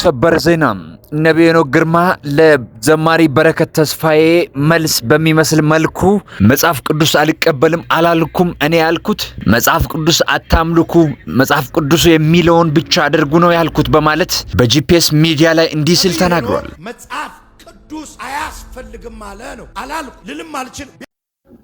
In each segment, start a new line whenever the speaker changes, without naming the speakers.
ሰበር ዜና ነቢዩ ሄኖክ ግርማ ለዘማሪ በረከት ተስፋዬ መልስ በሚመስል መልኩ መጽሐፍ ቅዱስ አልቀበልም አላልኩም፣ እኔ ያልኩት መጽሐፍ ቅዱስ አታምልኩ፣ መጽሐፍ ቅዱሱ የሚለውን ብቻ አድርጉ ነው ያልኩት በማለት በጂፒኤስ ሚዲያ ላይ እንዲህ ሲል ተናግሯል።
መጽሐፍ ቅዱስ አያስፈልግም
አለ ነው። አላልኩ ልልም አልችልም።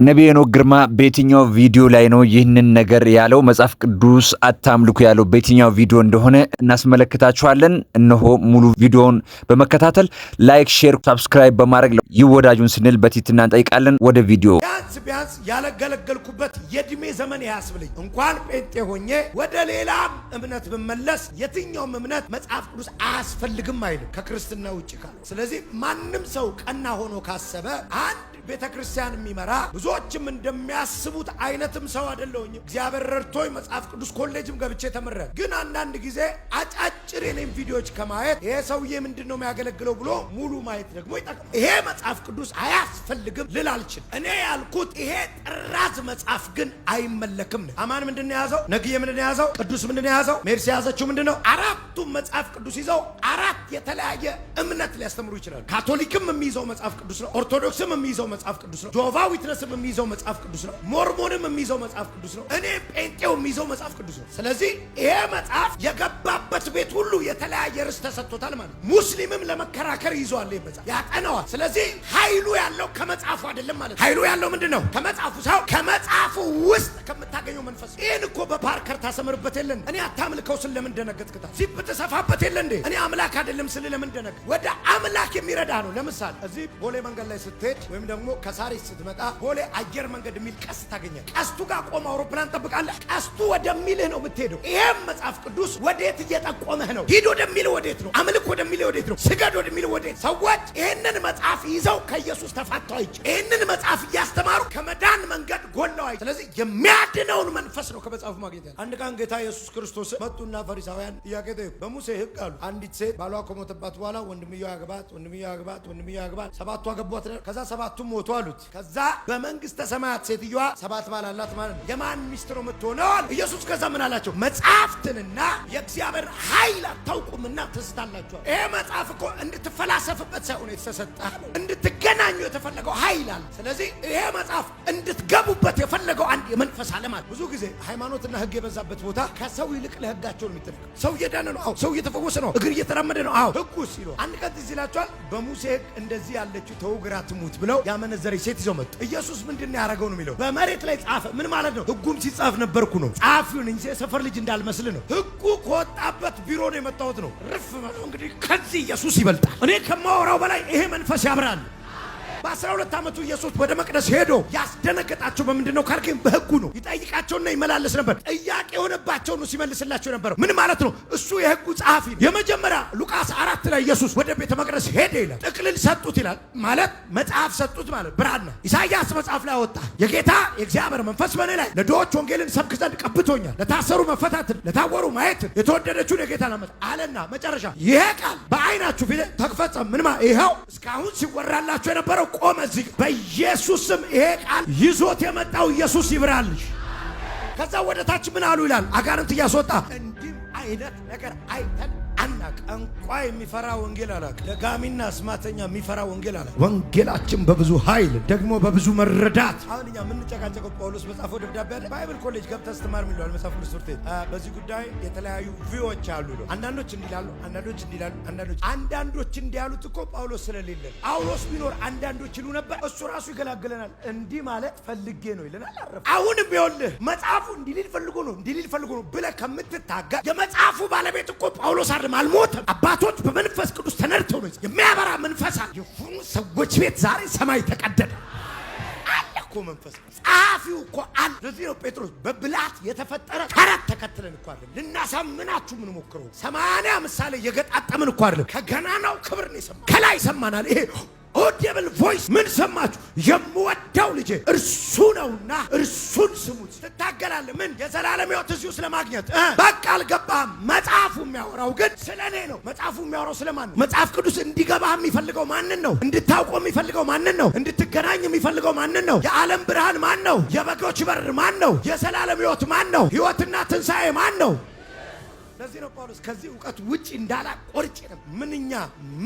ነቢዩ ሄኖክ ግርማ በየትኛው ቪዲዮ ላይ ነው ይህንን ነገር ያለው? መጽሐፍ ቅዱስ አታምልኩ ያለው በየትኛው ቪዲዮ እንደሆነ እናስመለክታችኋለን። እነሆ ሙሉ ቪዲዮውን በመከታተል ላይክ፣ ሼር፣ ሳብስክራይብ በማድረግ ይወዳጁን ስንል በትህትና እንጠይቃለን። ወደ ቪዲዮ ቢያንስ ቢያንስ ያለገለገልኩበት የእድሜ
ዘመን ያስብልኝ እንኳን ጴንጤ ሆኜ ወደ ሌላም እምነት ብመለስ የትኛውም እምነት መጽሐፍ ቅዱስ አያስፈልግም አይልም ከክርስትና ውጭ ካለ። ስለዚህ ማንም ሰው ቀና ሆኖ ካሰበ አንድ ቤተ ክርስቲያን የሚመራ ብዙዎችም እንደሚያስቡት አይነትም ሰው አይደለሁኝም። እግዚአብሔር ረድቶኝ መጽሐፍ ቅዱስ ኮሌጅም ገብቼ ተምሬያለሁ። ግን አንዳንድ ጊዜ አጫጭር የኔም ቪዲዮዎች ከማየት ይሄ ሰውዬ ምንድን ነው የሚያገለግለው ብሎ ሙሉ ማየት ደግሞ ይጠቅማል። ይሄ መጽሐፍ ቅዱስ አያስፈልግም ልል አልችልም። እኔ ያልኩት ይሄ ጥራዝ መጽሐፍ ግን አይመለክም ነ አማን ምንድን ነው የያዘው? ነግዬ ምንድን ነው የያዘው? ቅዱስ ምንድን ነው የያዘው? ሜርሲ የያዘችው ምንድን ነው? አራቱም መጽሐፍ ቅዱስ ይዘው አራት የተለያየ እምነት ሊያስተምሩ ይችላሉ። ካቶሊክም የሚይዘው መጽሐፍ ቅዱስ ነው። ኦርቶዶክስም የሚይዘው መጽሐፍ ቅዱስ ነው። ጆቫ ዊትነስም የሚይዘው መጽሐፍ ቅዱስ ነው። ሞርሞንም የሚይዘው መጽሐፍ ቅዱስ ነው። እኔ ጴንጤው የሚይዘው መጽሐፍ ቅዱስ ነው። ስለዚህ ይሄ መጽሐፍ የገባበት ቤት ሁሉ የተለያየ ርዕስ ተሰጥቶታል ማለት ነው። ሙስሊምም ለመከራከር ይዘዋል፣ መጽሐፍ ያጠነዋል። ስለዚህ ኃይሉ ያለው ከመጽሐፉ አይደለም ማለት ነው። ኃይሉ ያለው ምንድን ነው? ከመጽሐፉ ሳይሆን ከመጽሐፉ ውስጥ ከምታገኘው መንፈስ። ይህን እኮ በፓርከር ታሰምርበት የለን እኔ አታምልከው ስል ለምን ደነገጥክታ? ዚፕ ትሰፋበት የለ እንዴ? እኔ አምላክ አይደለም ስል ለምን ደነገጥ? ወደ አምላክ የሚረዳ ነው። ለምሳሌ እዚህ ቦሌ መንገድ ላይ ስትሄድ ወይም ደግሞ ደግሞ ከሳሪስ ስትመጣ ቦሌ አየር መንገድ የሚል ቀስት ታገኛል። ቀስቱ ጋር ቆመ አውሮፕላን ጠብቃለህ። ቀስቱ ወደሚልህ ነው የምትሄደው። ይሄም መጽሐፍ ቅዱስ ወዴት እየጠቆመህ ነው? ሂድ ወደሚልህ ወዴት ነው? አምልክ ወደሚልህ ወዴት ነው? ስገድ ወደሚልህ ወዴት? ሰዎች ይህንን መጽሐፍ ይዘው ከኢየሱስ ተፋተው አይቼ ይህንን መጽሐፍ እያስተማሩ ከመዳን መንገድ ጎለው አይቼ ስለዚህ የሚያድነውን መንፈስ ነው ከመጽሐፉ ማግኘት ያለ። አንድ ቀን ጌታ ኢየሱስ ክርስቶስ መጡና ፈሪሳውያን ጥያቄ ጠየቁ። በሙሴ ሕግ አሉ አንዲት ሴት ባሏ ከሞተባት በኋላ ወንድምየው ያግባት፣ ወንድምየው ያግባት፣ ወንድምየው ያግባት ሰባቱ አገቧት። ከዛ ሰባቱም ሞቱ አሉት። ከዛ በመንግስተ ሰማያት ሴትዮዋ ሰባት ባል አላት ማለት ነው። የማን ሚስት ነው የምትሆነዋል? ኢየሱስ ከዛ ምን አላቸው? መጽሐፍትንና የእግዚአብሔር ኃይል አታውቁምና ትስታላችኋል። ይሄ መጽሐፍ እኮ እንድትፈላሰፍበት ሳይሆን የተሰጠ እንድትገናኙ የተፈለገው ኃይል አለ። ስለዚህ ይሄ መጽሐፍ እንድትገቡበት የፈለገው አንድ የመንፈስ አለም አለ። ብዙ ጊዜ ሃይማኖትና ህግ የበዛበት ቦታ ከሰው ይልቅ ለህጋቸው ነው የሚጠነቀው። ሰው እየዳነ ነው፣ አዎ። ሰው እየተፈወሰ ነው፣ እግር እየተራመደ ነው፣ አዎ። ህጉስ ይለው አንድ ቀን ትዝ በሙሴ ህግ እንደዚህ ያለችው ተውግራ ትሙት ብለው ያመነዘረች ሴት ይዘው መጡ። ኢየሱስ ምንድን ነው ያደረገው ነው የሚለው በመሬት ላይ ጻፈ። ምን ማለት ነው? ህጉም ሲጻፍ ነበርኩ ነው። ጻፊውን እንጂ የሰፈር ልጅ እንዳልመስል ነው። ህጉ ከወጣበት ቢሮ ነው የመጣሁት ነው። ርፍ እንግዲህ ከዚህ ኢየሱስ ይበልጣል። እኔ ከማወራው በላይ ይሄ መንፈስ ያብራል። በአስራ ሁለት ዓመቱ ኢየሱስ ወደ መቅደስ ሄዶ ያስደነገጣቸው በምንድን ነው ካልከኝ በህጉ ነው። ይጠይቃቸውና ይመላለስ ነበር። ጥያቄ የሆነባቸው ነው ሲመልስላቸው የነበረው ምን ማለት ነው? እሱ የህጉ ጸሐፊ ነው። የመጀመሪያ ሉቃስ አራት ላይ ኢየሱስ ወደ ቤተ መቅደስ ሄደ ይላል። ጥቅልል ሰጡት ይላል ማለት መጽሐፍ ሰጡት ማለት ብራና ኢሳይያስ መጽሐፍ ላይ አወጣ። የጌታ የእግዚአብሔር መንፈስ በእኔ ላይ ለድሆች ወንጌልን ሰብክ ዘንድ ቀብቶኛል፣ ለታሰሩ መፈታትን፣ ለታወሩ ማየትን፣ የተወደደችውን የጌታ ላመት አለና መጨረሻ ይሄ ቃል በአይናችሁ ፊት ተፈጸመ። ምንማ ይኸው እስካሁን ሲወራላችሁ የነበረው ቆመ። እዚህ በኢየሱስም ይሄ ቃል ይዞት የመጣው ኢየሱስ ይብራልሽ። ከዛ ወደ ታች ምን አሉ ይላል። አጋንንት እያስወጣ እንዲህ አይነት ነገር አይተን ጠንቋ የሚፈራ ወንጌል አላቅ፣ ለጋሚና አስማተኛ የሚፈራ ወንጌል አላቅ። ወንጌላችን በብዙ ኃይል ደግሞ በብዙ መረዳት። አሁን እኛ የምንጨቃጨቀው ጳውሎስ መጻፈው ደብዳቤ አለ። ባይብል ኮሌጅ ገብተህ ስትማር የሚለዋል መጽሐፍ ቅዱስ ትምህርት ቤት በዚህ ጉዳይ የተለያዩ ቪዎች አሉ አንዳንዶች እንዲላሉ፣ አንዳንዶች እንዲላሉ፣ አንዳንዶች አንዳንዶች እንዲያሉት እኮ ጳውሎስ ስለሌለ ጳውሎስ ቢኖር አንዳንዶች ይሉ ነበር፣ እሱ ራሱ ይገላግለናል። እንዲህ ማለት ፈልጌ ነው ይለናል። አረፍ አሁንም ይኸውልህ መጽሐፉ እንዲሊል ፈልጎ ነው እንዲሊል ፈልጎ ነው ብለህ ከምትታጋ የመጽሐፉ ባለቤት እኮ ጳውሎስ አይደለም፣ አልሞትም አባቶች በመንፈስ ቅዱስ ተነድተው ነው የሚያበራ መንፈስ አለ። የሆኑ ሰዎች ቤት ዛሬ ሰማይ ተቀደደ አለ እኮ መንፈስ ጸሐፊው እኮ አለ። ለዚህ ነው ጴጥሮስ በብላት የተፈጠረ ተረት ተከትለን እኮ አይደለም ልናሳምናችሁ የምንሞክረው ሰማንያ ምሳሌ የገጣጠምን እኮ አይደለም ከገናናው ክብር ነው የሰማን ከላይ ይሰማናል ይሄ ኦዲብል ቮይስ ምን ሰማችሁ? የምወደው ልጄ እርሱ ነውና እርሱን ስሙት። ትታገላለህ። ምን የዘላለም ሕይወት እዚሁ ስለማግኘት በቃ አልገባህም። መጽሐፉ የሚያወራው ግን ስለ እኔ ነው። መጽሐፉ የሚያወራው ስለማን ነው? መጽሐፍ ቅዱስ እንዲገባህ የሚፈልገው ማንን ነው? እንድታውቆ የሚፈልገው ማንን ነው? እንድትገናኝ የሚፈልገው ማንን ነው? የዓለም ብርሃን ማን ነው? የበጎች በር ማን ነው? የዘላለም ሕይወት ማን ነው? ሕይወትና ትንሣኤ ማን ነው? ለዚህ ነው ጳውሎስ ከዚህ እውቀት ውጭ እንዳላ ቆርጭ ነው። ምንኛ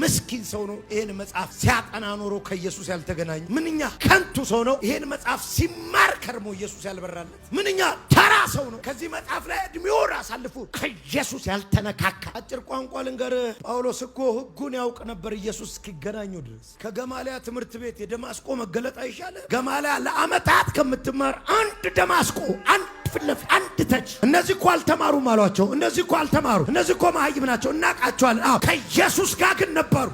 ምስኪን ሰው ነው ይሄን መጽሐፍ ሲያጠና ኖሮ ከኢየሱስ ያልተገናኘ። ምንኛ ከንቱ ሰው ነው ይሄን መጽሐፍ ሲማር ከርሞ ኢየሱስ ያልበራለት። ምንኛ ተራ ሰው ነው ከዚህ መጽሐፍ ላይ እድሜውን አሳልፎ ከኢየሱስ ያልተነካካ። አጭር ቋንቋ ልንገር፣ ጳውሎስ እኮ ህጉን ያውቅ ነበር ኢየሱስ እስኪገናኘው ድረስ። ከገማሊያ ትምህርት ቤት የደማስቆ መገለጥ አይሻልም? ገማሊያ ለአመታት ከምትማር አንድ ደማስቆ አንድ ፊት ለፊት አንድ ተች እነዚህ እኮ አልተማሩም አሏቸው። እነዚህ እኮ አልተማሩ፣ እነዚህ እኮ መሀይም ናቸው እናውቃቸዋለን። አዎ ከኢየሱስ ጋር ግን ነበሩ።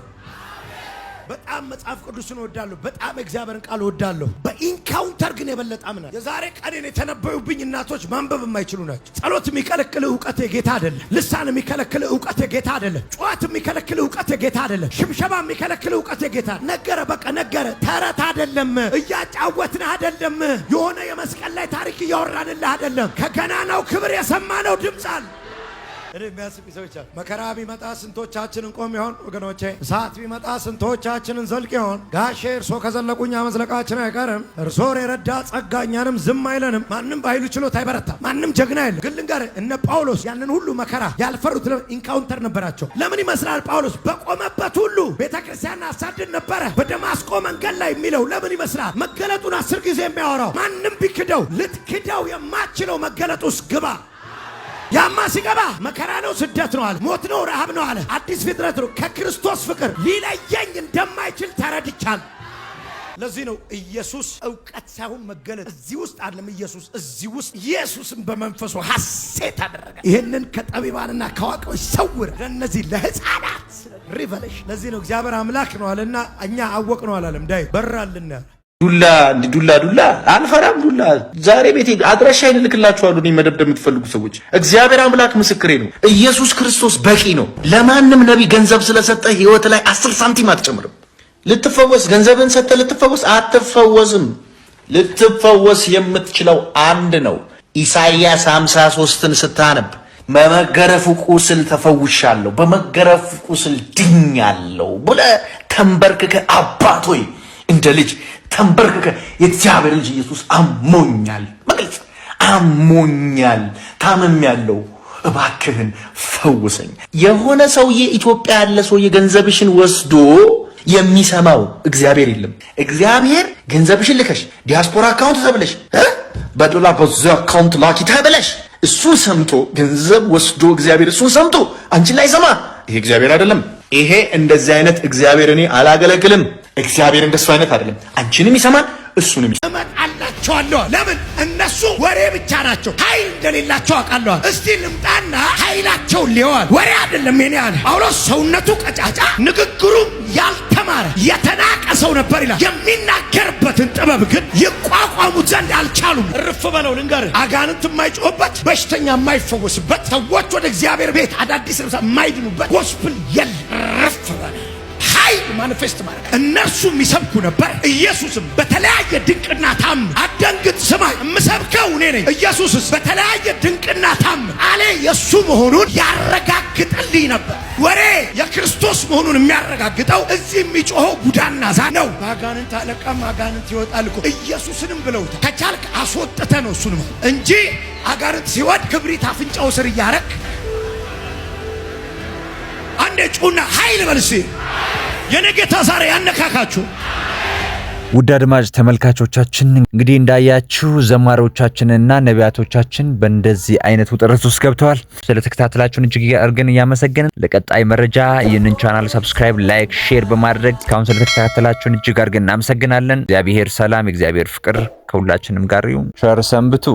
በጣም መጽሐፍ ቅዱስን እወዳለሁ። በጣም እግዚአብሔርን ቃል እወዳለሁ። በኢንካውንተር ግን የበለጠ አምናል። የዛሬ ቀኔን የተነበዩብኝ እናቶች ማንበብ የማይችሉ ናቸው። ጸሎት የሚከለክል እውቀት የጌታ አይደለም። ልሳን የሚከለክል እውቀት የጌታ አይደለም። ጨዋት የሚከለክል የጌታ አይደለም። ሽብሸባ የሚከለክል እውቀት የጌታ ነገረ፣ በቃ ነገረ። ተረት አይደለም፣ እያጫወትን አይደለም፣ የሆነ የመስቀል ላይ ታሪክ እያወራንልህ አይደለም። ከገናናው ክብር የሰማነው ድምፅ አለ። እኔ የሚያስቅ ሰዎች አሉ። መከራ ቢመጣ ስንቶቻችን እንቆም ይሆን ወገኖቼ? እሳት ቢመጣ ስንቶቻችንን ዘልቅ ይሆን? ጋሼ እርሶ ከዘለቁኛ መዝለቃችን አይቀርም። እርሶን የረዳ ጸጋ ዝም አይለንም። ማንም በኃይሉ ችሎት አይበረታም። ማንም ጀግና የለም። ግን ልንገርህ፣ እነ ጳውሎስ ያንን ሁሉ መከራ ያልፈሩት ኢንካውንተር ነበራቸው። ለምን ይመስላል ጳውሎስ በቆመበት ሁሉ ቤተ ክርስቲያን አሳድድ ነበረ በደማስቆ መንገድ ላይ የሚለው ለምን ይመስላል? መገለጡን አስር ጊዜ የሚያወራው ማንም ቢክደው ልትክደው የማትችለው መገለጡስ ግባ ያማ ሲገባ መከራ ነው፣ ስደት ነው አለ፣ ሞት ነው፣ ረሃብ ነው አለ፣ አዲስ ፍጥረት ነው። ከክርስቶስ ፍቅር ሊለየኝ እንደማይችል ተረድቻል። ለዚህ ነው ኢየሱስ እውቀት ሳይሆን መገለጥ እዚህ ውስጥ አለም ኢየሱስ እዚህ ውስጥ ኢየሱስን በመንፈሱ ሐሴት አደረገ። ይህንን ከጠቢባንና ከአዋቂዎች ሰውር፣ ለእነዚህ ለህፃናት ሪቨሌሽን። ለዚህ ነው እግዚአብሔር አምላክ ነው አለና እኛ አወቅ ነው አላለም። ዳዊት በራልና
ዱላ ዱላ ዱላ አልፈራም። ዱላ ዛሬ ቤቴ አድራሻ ይልክላችኋሉ። እኔ መደብደብ የምትፈልጉ ሰዎች እግዚአብሔር አምላክ ምስክሬ ነው። ኢየሱስ ክርስቶስ በቂ ነው። ለማንም ነቢይ ገንዘብ ስለሰጠ ህይወት ላይ አስር ሳንቲም አትጨምርም። ልትፈወስ ገንዘብን ሰጠ ልትፈወስ አትፈወስም። ልትፈወስ የምትችለው አንድ ነው። ኢሳይያስ 53ን ስታነብ በመገረፉ ቁስል ተፈውሻለሁ፣ በመገረፉ ቁስል ድኛለሁ ብለህ ተንበርክከ አባት ሆይ እንደ ልጅ ተንበርክከ የእግዚአብሔር ልጅ ኢየሱስ አሞኛል፣ በግልጽ አሞኛል፣ ታመም ያለው እባክህን ፈውሰኝ። የሆነ ሰውዬ ኢትዮጵያ ያለ ሰው የገንዘብሽን ወስዶ የሚሰማው እግዚአብሔር የለም። እግዚአብሔር ገንዘብሽን ልከሽ ዲያስፖራ አካውንት ተብለሽ በዶላር በዛ አካውንት ላኪ ተብለሽ እሱ ሰምቶ ገንዘብ ወስዶ እግዚአብሔር እሱን ሰምቶ አንቺን ላይ ሰማ። ይሄ እግዚአብሔር አይደለም። ይሄ እንደዚህ አይነት እግዚአብሔር እኔ አላገለግልም። እግዚአብሔር እንደሱ አይነት አይደለም። አንቺንም ይሰማል እሱ
እመጣላቸዋለሁ። ለምን እነሱ ወሬ ብቻ ናቸው፣ ኃይል እንደሌላቸው አውቃለሁ። እስቲ ልምጣና ኃይላቸው ሊዋል ወሬ አይደለም የኔ አለ ጳውሎስ። ሰውነቱ ቀጫጫ፣ ንግግሩ ያልተማረ የተናቀ ሰው ነበር ይላል። የሚናገርበትን ጥበብ ግን ይቋቋሙት ዘንድ አልቻሉም። እርፍ በለው ልንገር፣ አጋንንት የማይጮህበት በሽተኛ የማይፈወስበት ሰዎች ወደ እግዚአብሔር ቤት አዳዲስ ልብሳ የማይድኑበት ጎስፕል የለ። እርፍ በለ ኃይል ማንፌስት ማድረግ እነርሱም ይሰብኩ ነበር። ኢየሱስም በተለያየ ድንቅና ታም አደንግጥ፣ ስማይ የምሰብከው እኔ ነኝ። ኢየሱስስ በተለያየ ድንቅና ታም አለ የእሱ መሆኑን ያረጋግጥልኝ ነበር። ወሬ የክርስቶስ መሆኑን የሚያረጋግጠው እዚህ የሚጮኸው ጉዳና ዛ ነው። በአጋንንት አለቃም አጋንንት ይወጣል እኮ ኢየሱስንም ብለውታል። ከቻልክ አስወጥተ ነው እሱን እንጂ አጋንንት ሲወድ ክብሪት አፍንጫው ስር እያረግ አንዴ ጩና ኃይል በልሴ የነጌታ ዛሬ ያነካካችሁ።
ውድ አድማጭ ተመልካቾቻችን እንግዲህ እንዳያችሁ ዘማሪዎቻችንና ነቢያቶቻችን በእንደዚህ አይነት ውጥረት ውስጥ ገብተዋል። ስለተከታተላችሁን እጅግ አድርገን እያመሰገንን ለቀጣይ መረጃ ይህንን ቻናል ሰብስክራይብ፣ ላይክ፣ ሼር በማድረግ እስካሁን ስለተከታተላችሁን እጅግ አድርገን እናመሰግናለን። እግዚአብሔር ሰላም፣ እግዚአብሔር ፍቅር ከሁላችንም ጋር ይሁን። ቸር ሰንብቱ።